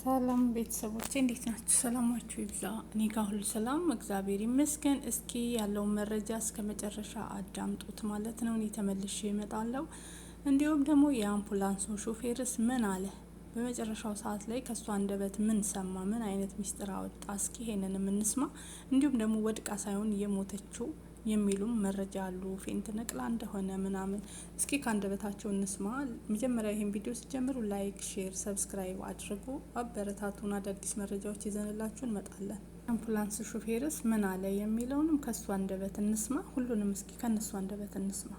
ሰላም ቤተሰቦቼ እንዴት ናችሁ? ሰላማችሁ ይብዛ። እኔ ጋር ሁሉ ሰላም እግዚአብሔር ይመስገን። እስኪ ያለውን መረጃ እስከ መጨረሻ አዳምጡት ማለት ነው። እኔ ተመልሼ እመጣለሁ። እንዲሁም ደግሞ የአምቡላንሱ ሾፌርስ ምን አለ? በመጨረሻው ሰዓት ላይ ከእሷ አንደበት ምን ሰማ? ምን አይነት ሚስጥር አወጣ? እስኪ ይሄንን የምንስማ። እንዲሁም ደግሞ ወድቃ ሳይሆን የሞተችው የሚሉም መረጃ አሉ። ፌንት ነቅላ እንደሆነ ምናምን። እስኪ ከአንደበታቸው እንስማ። መጀመሪያ ይህን ቪዲዮ ሲጀምሩ ላይክ፣ ሼር፣ ሰብስክራይብ አድርጉ። አበረታቱን። አዳዲስ መረጃዎች ይዘንላችሁ እንመጣለን። አምቡላንስ ሹፌርስ ምን አለ የሚለውንም ከእሱ አንደበት እንስማ። ሁሉንም እስኪ ከእነሱ አንደበት እንስማ።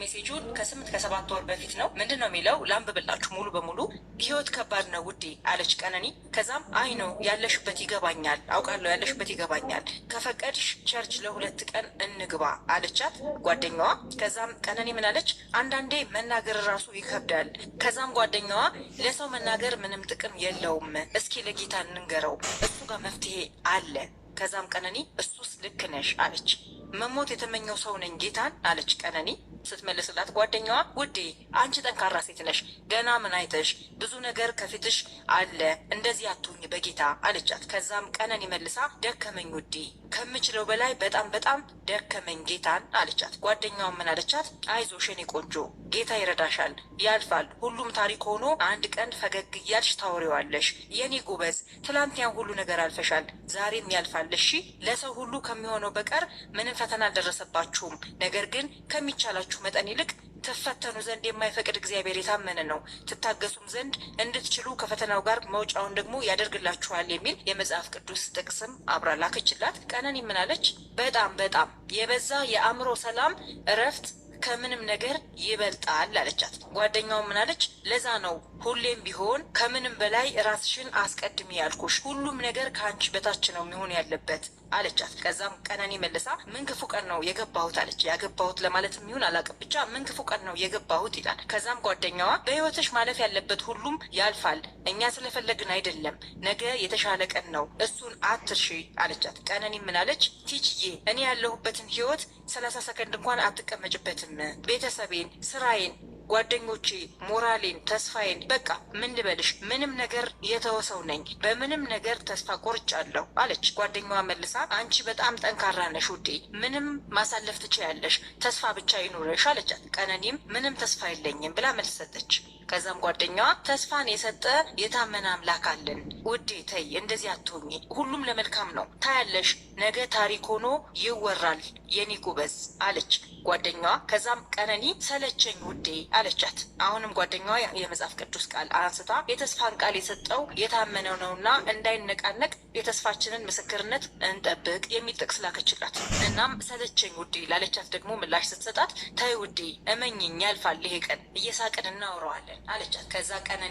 ሜሴጁን ከስምንት ከሰባት ወር በፊት ነው። ምንድን ነው የሚለው ላንብብላችሁ ሙሉ በሙሉ ህይወት ከባድ ነው ውዴ አለች ቀነኒ። ከዛም አይ ነው ያለሽበት ይገባኛል፣ አውቃለሁ ያለሽበት ይገባኛል፣ ከፈቀድሽ ቸርች ለሁለት ቀን እንግባ አለቻት ጓደኛዋ። ከዛም ቀነኒ ምን አለች? አንዳንዴ መናገር ራሱ ይከብዳል። ከዛም ጓደኛዋ ለሰው መናገር ምንም ጥቅም የለውም፣ እስኪ ለጌታ እንንገረው፣ እሱ ጋር መፍትሄ አለ። ከዛም ቀነኒ እሱስ ልክ ነሽ አለች። መሞት የተመኘው ሰው ነኝ ጌታን አለች ቀነኒ ስትመልስላት ጓደኛዋ ውዴ አንቺ ጠንካራ ሴት ነሽ ገና ምን አይተሽ ብዙ ነገር ከፊትሽ አለ እንደዚህ አትሁኝ በጌታ አለቻት ከዛም ቀነኒ መልሳ ደከመኝ ውዴ ከምችለው በላይ በጣም በጣም ደከመኝ ጌታን አለቻት ጓደኛዋ ምን አለቻት አይዞሽ የኔ ቆንጆ ጌታ ይረዳሻል ያልፋል ሁሉም ታሪክ ሆኖ አንድ ቀን ፈገግ እያልሽ ታወሪዋለሽ የኔ ጎበዝ ትላንት ያን ሁሉ ነገር አልፈሻል ዛሬም ያልፋል እሺ ለሰው ሁሉ ከሚሆነው በቀር ምንም ፈተና አልደረሰባችሁም። ነገር ግን ከሚቻላችሁ መጠን ይልቅ ትፈተኑ ዘንድ የማይፈቅድ እግዚአብሔር የታመነ ነው፣ ትታገሱም ዘንድ እንድትችሉ ከፈተናው ጋር መውጫውን ደግሞ ያደርግላችኋል የሚል የመጽሐፍ ቅዱስ ጥቅስም አብራ ላከችላት። ቀነኒ ምናለች? በጣም በጣም የበዛ የአእምሮ ሰላም እረፍት ከምንም ነገር ይበልጣል አለቻት። ጓደኛው ምን አለች? ለዛ ነው ሁሌም ቢሆን ከምንም በላይ ራስሽን አስቀድሚ ያልኩሽ፣ ሁሉም ነገር ከአንቺ በታች ነው የሚሆን ያለበት አለቻት። ከዛም ቀነኒ መለሳ ምን ክፉ ቀን ነው የገባሁት አለች። ያገባሁት ለማለት የሚሆን አላቅም፣ ብቻ ምን ክፉ ቀን ነው የገባሁት ይላል። ከዛም ጓደኛዋ በህይወትሽ ማለፍ ያለበት ሁሉም ያልፋል እኛ ስለፈለግን አይደለም፣ ነገ የተሻለ ቀን ነው፣ እሱን አትርሺ አለቻት። ቀነኒ ምናለች? ቲጅዬ እኔ ያለሁበትን ህይወት ሰላሳ ሰከንድ እንኳን አትቀመጭበትም። ቤተሰቤን፣ ስራዬን ጓደኞቼ ሞራሌን፣ ተስፋዬን በቃ ምን ልበልሽ፣ ምንም ነገር የተወሰው ነኝ፣ በምንም ነገር ተስፋ ቆርጫለሁ አለች። ጓደኛዋ መልሳ አንቺ በጣም ጠንካራ ነሽ ውዴ፣ ምንም ማሳለፍ ትችያለሽ፣ ተስፋ ብቻ ይኑረሽ አለቻት። ቀነኒም ምንም ተስፋ የለኝም ብላ መልስ ሰጠች። ከዛም ጓደኛዋ ተስፋን የሰጠ የታመነ አምላክ አለን ውዴ፣ ተይ እንደዚህ አትሆኚ፣ ሁሉም ለመልካም ነው፣ ታያለሽ፣ ነገ ታሪክ ሆኖ ይወራል የኔ ጉበዝ አለች ጓደኛዋ። ከዛም ቀነኒ ሰለቸኝ ውዴ አለቻት። አሁንም ጓደኛዋ የመጽሐፍ ቅዱስ ቃል አንስቷ የተስፋን ቃል የሰጠው የታመነው ነውና እንዳይነቃነቅ የተስፋችንን ምስክርነት እንጠብቅ የሚል ጥቅስ ላከችላት። እናም ሰለቸኝ ውዴ ላለቻት ደግሞ ምላሽ ስትሰጣት ተይ ውዴ እመኝኝ ያልፋል ይሄ ቀን እየሳቅን እናውረዋለን አለቻት። ከዛ ቀን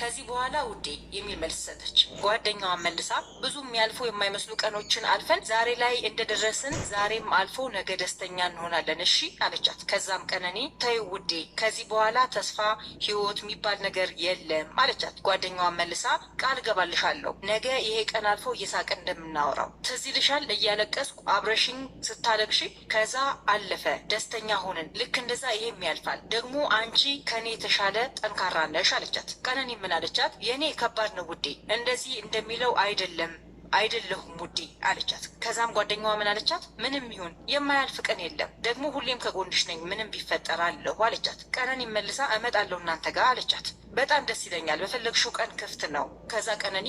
ከዚህ በኋላ ውዴ የሚል መልስ ሰጠች። ጓደኛዋ መልሳ ብዙ የሚያልፉ የማይመስሉ ቀኖችን አልፈን ዛሬ ላይ እንደደረስን ዛሬም አልፎ ነገ ደስተኛ እንሆናለን እሺ አለቻት። ከዛም ቀነኔ ተይ ውዴ ከዚህ በኋላ ተስፋ ህይወት የሚባል ነገር የለም አለቻት። ጓደኛዋ መልሳ ቃል ገባልሻለሁ ነገ ይሄ ቀን አልፎ እየሳቅን እንደምናወራው ትዝ ይልሻል እያለቀስኩ አብረሽኝ ስታለቅሽ፣ ከዛ አለፈ ደስተኛ ሆንን። ልክ እንደዛ ይሄም ያልፋል። ደግሞ አንቺ ከኔ የተሻለ ጠንካራ ነሽ አለቻት። ቀነኔ ምን አለቻት? የእኔ ከባድ ነው ውዴ፣ እንደዚህ እንደሚለው አይደለም አይደለሁም ውዴ አለቻት። ከዛም ጓደኛዋ ምን አለቻት? ምንም ይሁን የማያልፍ ቀን የለም፣ ደግሞ ሁሌም ከጎንሽ ነኝ፣ ምንም ቢፈጠር አለሁ አለቻት። ቀነኒ መልሳ እመጣለሁ እናንተ ጋር አለቻት። በጣም ደስ ይለኛል፣ በፈለግሽው ቀን ክፍት ነው። ከዛ ቀነኒ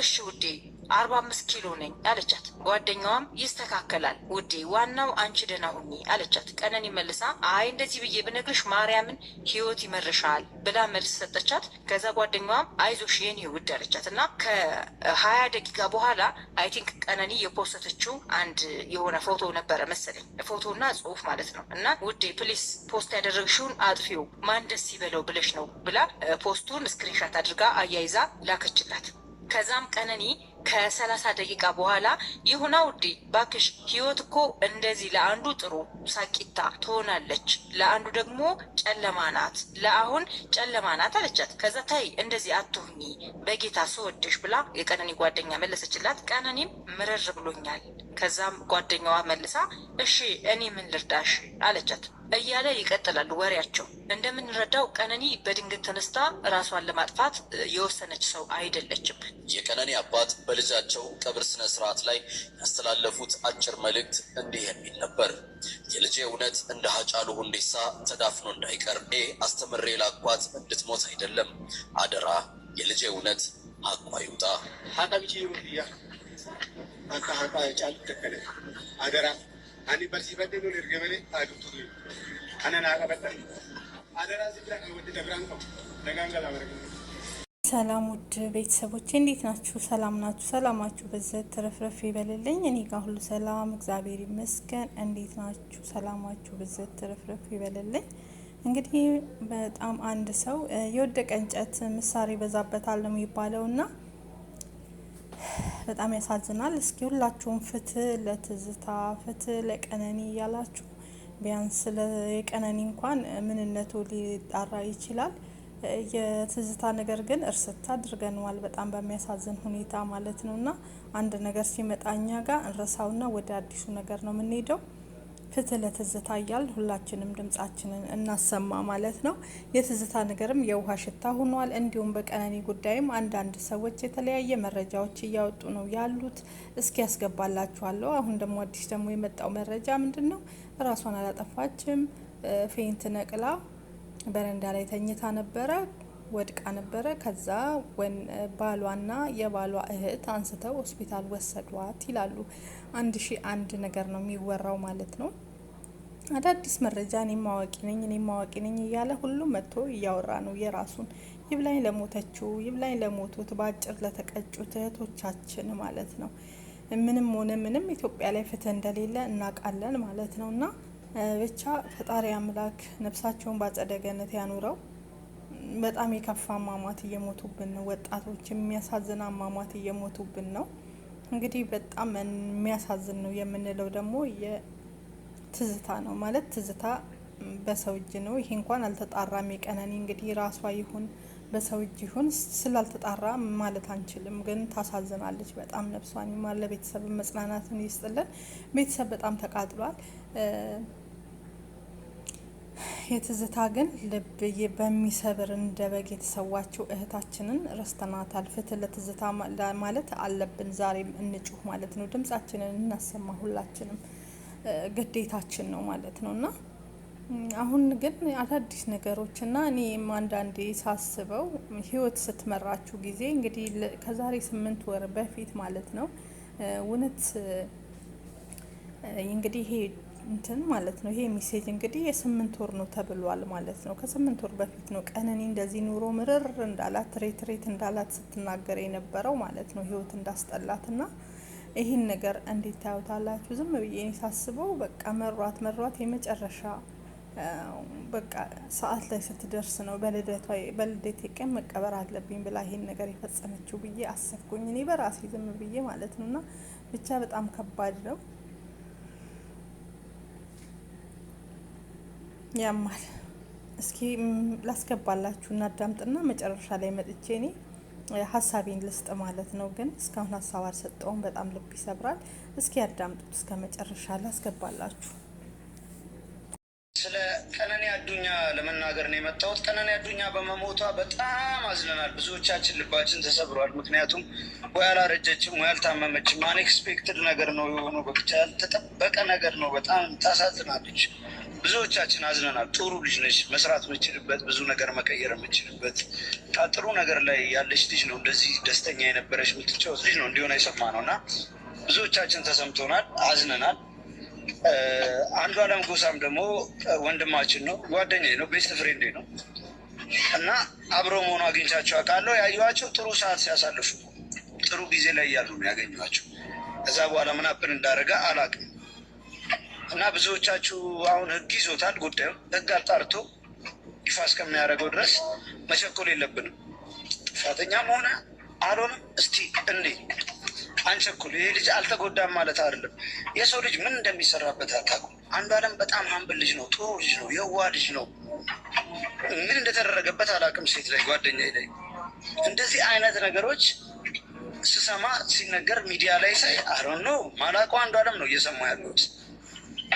እሺ ውዴ አርባ አምስት ኪሎ ነኝ አለቻት። ጓደኛዋም ይስተካከላል ውዴ፣ ዋናው አንቺ ደህና ሁኚ አለቻት። ቀነኒ መልሳ አይ እንደዚህ ብዬ ብነግርሽ ማርያምን ህይወት ይመርሻል ብላ መልስ ሰጠቻት። ከዛ ጓደኛዋም አይዞሽ የኔ ውድ አለቻት እና ከሀያ ደቂቃ በኋላ አይ ቲንክ ቀነኒ የፖስተችው አንድ የሆነ ፎቶ ነበረ መሰለኝ ፎቶና ጽሁፍ ማለት ነው እና ውዴ ፕሊስ ፖስት ያደረግሽውን አጥፊው ማን ደስ ይበለው ብለሽ ነው ብላ ፖስቱን ስክሪንሻት አድርጋ አያይዛ ላከችላት። ከዛም ቀነኒ ከሰላሳ ደቂቃ በኋላ ይሁና ውዴ ባክሽ፣ ህይወት እኮ እንደዚህ ለአንዱ ጥሩ ሳቂታ ትሆናለች፣ ለአንዱ ደግሞ ጨለማ ናት፣ ለአሁን ጨለማ ናት አለቻት። ከዛ ታይ እንደዚህ አትሁኚ በጌታ ስወድሽ ብላ የቀነኒ ጓደኛ መለሰችላት። ቀነኒም ምርር ብሎኛል። ከዛም ጓደኛዋ መልሳ እሺ እኔ ምን ልርዳሽ አለቻት። እያለ ይቀጥላሉ ወሬያቸው። እንደምንረዳው ቀነኒ በድንገት ተነስታ ራሷን ለማጥፋት የወሰነች ሰው አይደለችም። የቀነኒ አባት በልጃቸው ቀብር ስነ ስርዓት ላይ ያስተላለፉት አጭር መልእክት እንዲህ የሚል ነበር። የልጄ እውነት እንደ ሀጫሉ ሁንዴሳ ተዳፍኖ እንዳይቀር አስተምሬ ላኳት እንድትሞት አይደለም። አደራ የልጄ እውነት ሀቋ ይውጣ። አደራ ሰላም ውድ ቤተሰቦቼ እንዴት ናችሁ? ሰላም ናችሁ? ሰላማችሁ በዘት ትረፍረፍ ይበልልኝ። እኔ ጋር ሁሉ ሰላም እግዚአብሔር ይመስገን። እንዴት ናችሁ? ሰላማችሁ በዘት ትረፍረፍ ይበልልኝ። እንግዲህ በጣም አንድ ሰው የወደቀ እንጨት ምሳር ይበዛበታል ነው የሚባለው እና በጣም ያሳዝናል። እስኪ ሁላችሁም ፍትህ ለትዝታ ፍትህ ለቀነኒ እያላችሁ ቢያንስ ስለ የቀነኒ እንኳን ምንነቱ ሊጣራ ይችላል። የትዝታ ነገር ግን እርስታ አድርገነዋል በጣም በሚያሳዝን ሁኔታ ማለት ነው። እና አንድ ነገር ሲመጣ እኛ ጋር እንረሳውና ወደ አዲሱ ነገር ነው የምንሄደው። ፍትህ ለትዝታ እያል ሁላችንም ድምጻችንን እናሰማ ማለት ነው። የትዝታ ነገርም የውሃ ሽታ ሆኗል። እንዲሁም በቀነኒ ጉዳይም አንዳንድ ሰዎች የተለያየ መረጃዎች እያወጡ ነው ያሉት። እስኪ ያስገባላችኋለሁ። አሁን ደግሞ አዲስ ደግሞ የመጣው መረጃ ምንድን ነው? ራሷን አላጠፋችም። ፌንት ነቅላ በረንዳ ላይ ተኝታ ነበረ። ወድቃ ነበረ። ከዛ ባሏና የባሏ እህት አንስተው ሆስፒታል ወሰዷት ይላሉ። አንድ ሺ አንድ ነገር ነው የሚወራው ማለት ነው። አዳዲስ መረጃ ኔ ማዋቂ ነኝ እኔ ማዋቂ ነኝ እያለ ሁሉም መጥቶ እያወራ ነው የራሱን ይብላኝ ለሞተችው ይብላኝ ለሞቱት በአጭር ለተቀጩት እህቶቻችን ማለት ነው። ምንም ሆነ ምንም ኢትዮጵያ ላይ ፍትህ እንደሌለ እናውቃለን ማለት ነው። እና ብቻ ፈጣሪ አምላክ ነፍሳቸውን ባጸደ ገነት ያኑረው። በጣም የከፋ አሟሟት እየሞቱብን ነው። ወጣቶች የሚያሳዝን አሟሟት እየሞቱብን ነው። እንግዲህ በጣም የሚያሳዝን ነው የምንለው ደግሞ የትዝታ ነው ማለት ትዝታ በሰው እጅ ነው። ይሄ እንኳን አልተጣራም። የቀነኒ እንግዲህ ራሷ ይሁን በሰው እጅ ይሁን ስላልተጣራ ማለት አንችልም፣ ግን ታሳዝናለች በጣም ነፍሷን ይማር። ለቤተሰብ መጽናናትን ይስጥልን። ቤተሰብ በጣም ተቃጥሏል። የትዝታ ግን ልብ በሚሰብር እንደ በግ የተሰዋችው እህታችንን ረስተናታል። ፍትህ ለትዝታ ማለት አለብን። ዛሬም እንጩህ ማለት ነው። ድምጻችንን እናሰማ፣ ሁላችንም ግዴታችን ነው ማለት ነው እና አሁን ግን አዳዲስ ነገሮች እና እኔም አንዳንዴ ሳስበው ህይወት ስትመራችሁ ጊዜ እንግዲህ ከዛሬ ስምንት ወር በፊት ማለት ነው እውነት እንግዲህ እንትን ማለት ነው። ይሄ ሚሴጅ እንግዲህ የስምንት ወር ነው ተብሏል ማለት ነው። ከስምንት ወር በፊት ነው ቀነኒ እንደዚህ ኑሮ ምርር እንዳላት ሬት ሬት እንዳላት ስትናገር የነበረው ማለት ነው። ህይወት እንዳስጠላት ና ይህን ነገር እንዴት ታዩታላችሁ? ዝም ብዬ ሳስበው በቃ መሯት መሯት የመጨረሻ በቃ ሰዓት ላይ ስትደርስ ነው በልደት ቀን መቀበር አለብኝ ብላ ይሄን ነገር የፈጸመችው ብዬ አሰብኩኝ እኔ በራሴ ዝም ብዬ ማለት ነው። እና ብቻ በጣም ከባድ ነው። ያማል። እስኪ ላስገባላችሁ እና አዳምጥና መጨረሻ ላይ መጥቼ እኔ ሀሳቤን ልስጥ ማለት ነው። ግን እስካሁን ሀሳብ አልሰጠውም። በጣም ልብ ይሰብራል። እስኪ ያዳምጡት እስከ መጨረሻ ላስገባላችሁ። ስለ ቀነኔ አዱኛ ለመናገር ነው የመጣሁት። ቀነኔ አዱኛ በመሞቷ በጣም አዝነናል። ብዙዎቻችን ልባችን ተሰብሯል። ምክንያቱም ወይ አላረጀችም ወይ አልታመመችም። አንኤክስፔክትድ ነገር ነው የሆነው። በብቻ ያልተጠበቀ ነገር ነው። በጣም ታሳዝናለች። ብዙዎቻችን አዝነናል። ጥሩ ልጅ ነች፣ መስራት የምችልበት ብዙ ነገር መቀየር የምችልበት ጥሩ ነገር ላይ ያለች ልጅ ነው። እንደዚህ ደስተኛ የነበረች የምትጫወት ልጅ ነው እንዲሆነ የሰማ ነው እና ብዙዎቻችን ተሰምቶናል፣ አዝነናል። አንዱ አለም ጎሳም ደግሞ ወንድማችን ነው፣ ጓደኛ ነው፣ ቤስት ፍሬንዴ ነው እና አብረ መሆኑ አግኝቻቸው አውቃለሁ። ያየኋቸው ጥሩ ሰዓት ሲያሳልፉ ጥሩ ጊዜ ላይ ያሉ ነው ያገኘኋቸው። ከዛ በኋላ ምን እንዳደረገ አላውቅም። እና ብዙዎቻችሁ አሁን ህግ ይዞታል ጉዳዩ። ህግ አጣርቶ ይፋ እስከሚያደርገው ድረስ መቸኮል የለብንም። ጥፋተኛም ሆነ አልሆንም እስቲ እንዴ አንቸኩል። ይህ ልጅ አልተጎዳም ማለት አይደለም። የሰው ልጅ ምን እንደሚሰራበት አንዱ አለም በጣም ሀምብል ልጅ ነው፣ ጥሩ ልጅ ነው፣ የዋ ልጅ ነው። ምን እንደተደረገበት አላውቅም። ሴት ላይ ጓደኛ ላይ እንደዚህ አይነት ነገሮች ስሰማ ሲነገር ሚዲያ ላይ ሳይ አሮን ነው አንዱ አለም ነው እየሰማ ያለሁት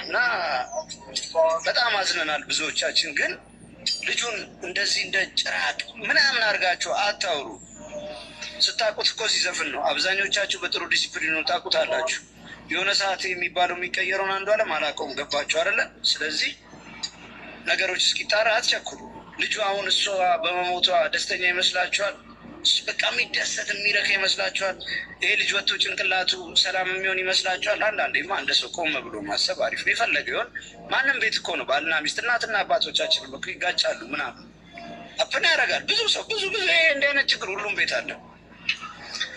እና በጣም አዝነናል። ብዙዎቻችን ግን ልጁን እንደዚህ እንደ ጭራቅ ምናምን አድርጋችሁ አታውሩ። ስታቁት እኮ ሲዘፍን ነው። አብዛኞቻችሁ በጥሩ ዲስፕሊን ታቁት አላችሁ። የሆነ ሰዓት የሚባለው የሚቀየረውን አንዱ አለም አላውቀውም። ገባችሁ አይደለ? ስለዚህ ነገሮች እስኪጣራ አትቸኩሉ። ልጁ አሁን እሷ በመሞቷ ደስተኛ ይመስላችኋል? በቃ የሚደሰት የሚረካ ይመስላችኋል? ይሄ ልጅ ወጥቶ ጭንቅላቱ ሰላም የሚሆን ይመስላችኋል? አንዳንዴማ አንድ ሰው ቆመ ብሎ ማሰብ አሪፍ ነው። የፈለገ ይሆን ማንም ቤት እኮ ነው ባልና ሚስት እናትና አባቶቻችን በ ይጋጫሉ ምናምን አፕን ያደርጋል። ብዙ ሰው ብዙ ብዙ ይሄ እንዲህ አይነት ችግር ሁሉም ቤት አለ።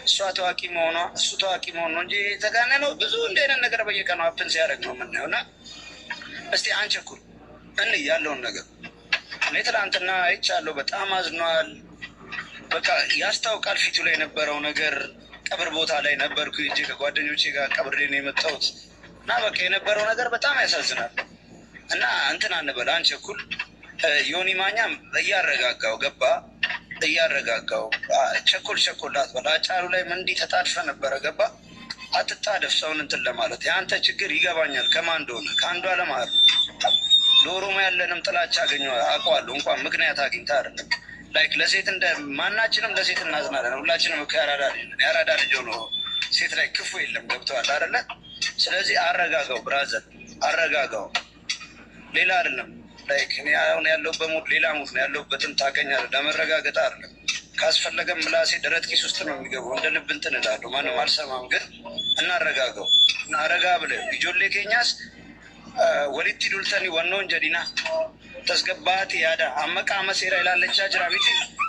እሷ ታዋቂ መሆኗ እሱ ታዋቂ መሆን ነው እንጂ የተጋነ ነው። ብዙ እንዲህ አይነት ነገር በየቀኑ አፕን ሲያደርግ ነው የምናየው። እና እስቲ አንቸኩል እን ያለውን ነገር እኔ ትናንትና አይቻለሁ። በጣም አዝኗል። በቃ ያስታውቃል ፊቱ ላይ የነበረው ነገር። ቀብር ቦታ ላይ ነበርኩ እንጂ ከጓደኞቼ ጋር ቀብሬ ነው የመጣሁት እና በቃ የነበረው ነገር በጣም ያሳዝናል። እና እንትን አንበል አንቸኩል። ዮኒ ማኛም እያረጋጋው ገባ እያረጋጋው ቸኮል ቸኮል አትበል። አጫሉ ላይ ምንዲ ተጣድፈ ነበረ ገባ። አትጣደፍ ሰውን እንትን ለማለት የአንተ ችግር ይገባኛል። ከማን እንደሆነ ከአንዱ አለም አሉ ለኦሮሞ ያለንም ጥላቻ አገኘ አውቀዋለሁ። እንኳን ምክንያት አግኝታ አይደለም ላይክ ለሴት እንደ ማናችንም ለሴት እናዝናለን። ሁላችንም ከአራዳ ልጅ የአራዳ ልጅ ሆኖ ሴት ላይ ክፉ የለም። ገብተዋል አይደለ? ስለዚህ አረጋጋው ብራዘር፣ አረጋጋው ሌላ አይደለም። ላይክ እኔ አሁን ያለሁበት ሙድ ሌላ ሙድ ነው ያለሁበትን ታውቀኛለህ። ለመረጋገጥ አይደለም ካስፈለገም ምላሴ ደረት ኪስ ውስጥ ነው የሚገባው። እንደ ልብ እንትን እላለሁ፣ ማንም አልሰማም። ግን እናረጋገው እና አረጋ ብለ ጆሌ ኬኛስ ወሊቲ ዱልተኒ ወኖ እንጀዲና ተስገባት ያዳ አመቃ መሴራ ይላለቻ ጅራቢቲ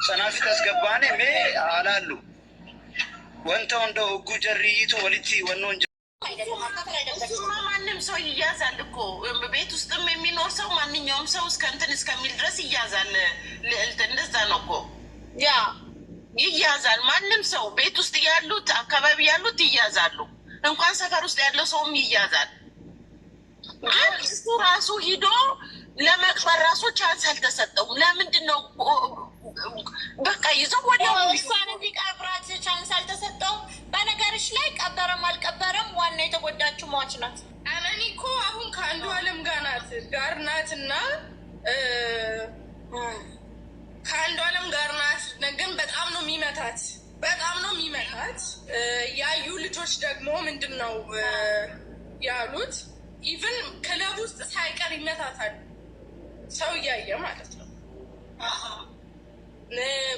ሰናፊ ተስገባን ሜ አላሉ ወንተው እንደ ህጉ ጀርይቱ ወልቲ ወኖ ማንም ሰው ይያዛል እኮ ቤት ውስጥም የሚኖር ሰው ማንኛውም ሰው እስከንትን እስከሚል ድረስ ይያዛል። ልዕልት እንደዛ ነው እኮ ያ ይያዛል። ማንም ሰው ቤት ውስጥ ያሉት አካባቢ ያሉት ይያዛሉ። እንኳን ሰፈር ውስጥ ያለው ሰውም ይያዛል። ግን እሱ ራሱ ሂዶ ለመቅበር ራሱ ቻንስ አልተሰጠውም። ለምንድን ነው በቃ ይዘው ወዲያው እሷን እንዲቀብራት ቻንስ አልተሰጠውም። በነገርሽ ላይ ቀበረም አልቀበረም ዋና የተጎዳችው ሟች ናት። አለኒ እኮ አሁን ከአንዱ አለም ጋር ናት ጋር ናት እና ከአንዱ አለም ጋር ናት። ግን በጣም ነው የሚመታት በጣም ነው የሚመታት። ያዩ ልጆች ደግሞ ምንድን ነው ያሉት ኢቨን ክለብ ውስጥ ሳይቀር ይመታታል። ሰው እያየ ማለት ነው።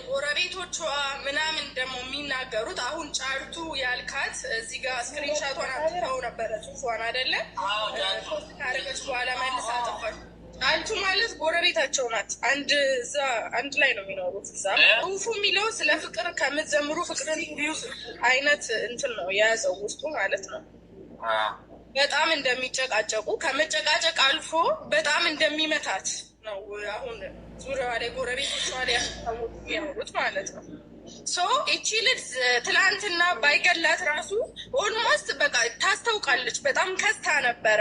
ጎረቤቶቿ ምናምን ደግሞ የሚናገሩት አሁን ጫርቱ ያልካት እዚህ ጋር ስክሪንሻቷን አጥፍተው ነበረ ጽሑፏን አይደለም ካረገች በኋላ መልስ አጠፋች። ጫልቱ ማለት ጎረቤታቸው ናት። አንድ እዛ አንድ ላይ ነው የሚኖሩት። እዛ ጽሁፉ የሚለው ስለ ፍቅር ከምትዘምሩ ፍቅርን አይነት እንትን ነው የያዘው ውስጡ ማለት ነው። በጣም እንደሚጨቃጨቁ ከመጨቃጨቅ አልፎ በጣም እንደሚመታት ነው። አሁን ዙሪያዋ ላይ ጎረቤቶቿ ላይ የሚያወሩት ማለት ነው። ሶ እቺ ልጅ ትላንትና ባይገላት ራሱ ኦልሞስት በቃ ታስታውቃለች። በጣም ከስታ ነበረ።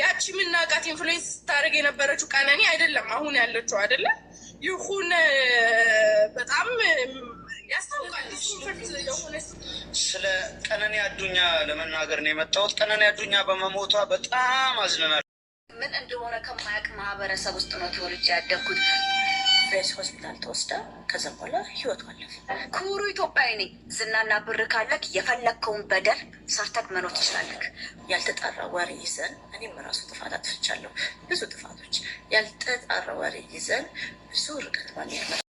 ያቺ የምናውቃት ኢንፍሉዌንስ ስታደርግ የነበረችው ቀነኒ አይደለም አሁን ያለችው አይደለም ይሁን በጣም ስለ ቀነኒ አዱኛ ለመናገር ነው የመጣሁት። ቀነኒ አዱኛ በመሞቷ በጣም አዝነናል። ምን እንደሆነ ከማያውቅ ማህበረሰብ ውስጥ ነው ተወልጄ ያደግኩት። ፌስ ሆስፒታል ተወስዳ ከዛ በኋላ ህይወቱ አለፈ። ክቡሩ ኢትዮጵያዊ ነኝ። ዝናና ብር ካለክ የፈለግከውን በደል ሰርተክ መኖር ትችላለክ። ያልተጣራ ወሬ ይዘን እኔም ራሱ ጥፋት አጥፍቻለሁ፣ ብዙ ጥፋቶች ያልተጣራ ወሬ ይዘን ብዙ ርቀት ማግኘት